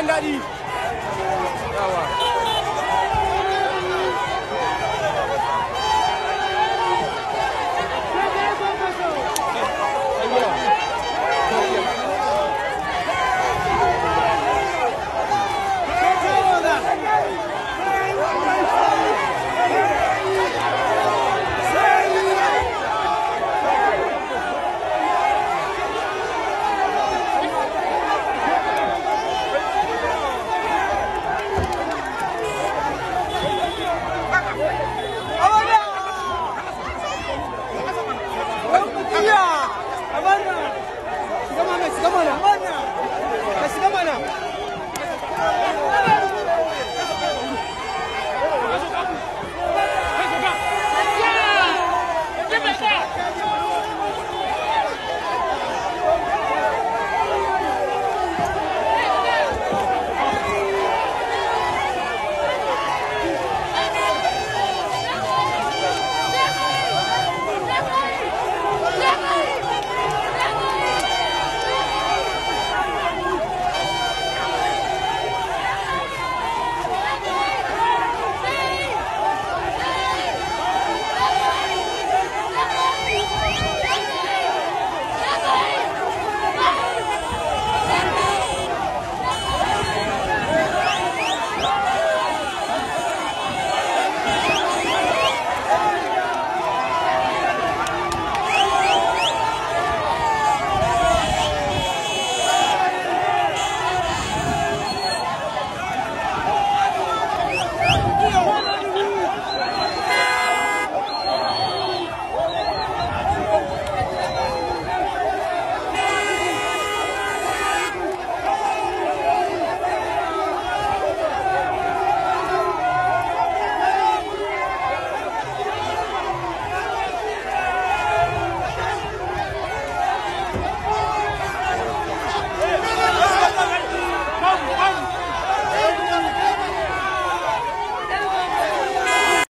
Bangladesh.